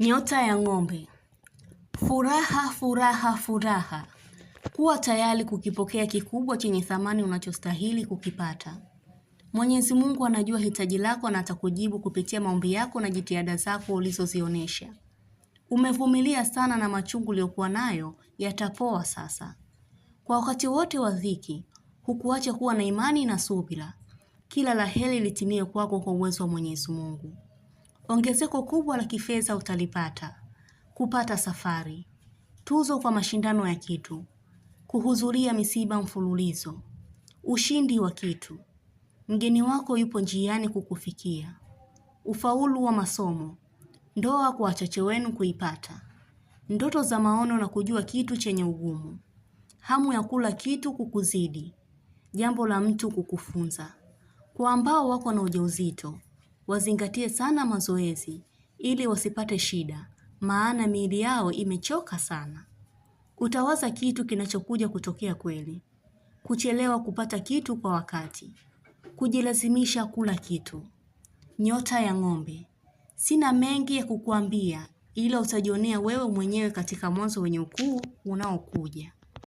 Nyota ya ng'ombe. Furaha, furaha, furaha! Kuwa tayari kukipokea kikubwa chenye thamani unachostahili kukipata. Mwenyezi Mungu anajua hitaji lako na atakujibu kupitia maombi yako na jitihada zako ulizozionyesha. Umevumilia sana na machungu uliyokuwa nayo yatapoa sasa. Kwa wakati wote wa dhiki, hukuacha kuwa na imani na subira. Kila la heri litimie kwako kwa uwezo wa Mwenyezi Mungu. Ongezeko kubwa la kifedha utalipata: kupata safari, tuzo kwa mashindano ya kitu, kuhudhuria misiba mfululizo, ushindi wa kitu, mgeni wako yupo njiani kukufikia, ufaulu wa masomo, ndoa kwa wachache wenu kuipata, ndoto za maono na kujua kitu chenye ugumu, hamu ya kula kitu kukuzidi, jambo la mtu kukufunza, kwa ambao wako na ujauzito wazingatie sana mazoezi ili wasipate shida, maana miili yao imechoka sana. Utawaza kitu kinachokuja kutokea kweli, kuchelewa kupata kitu kwa wakati, kujilazimisha kula kitu. Nyota ya ng'ombe, sina mengi ya kukuambia, ila utajionea wewe mwenyewe katika Mwanzo wenye ukuu unaokuja.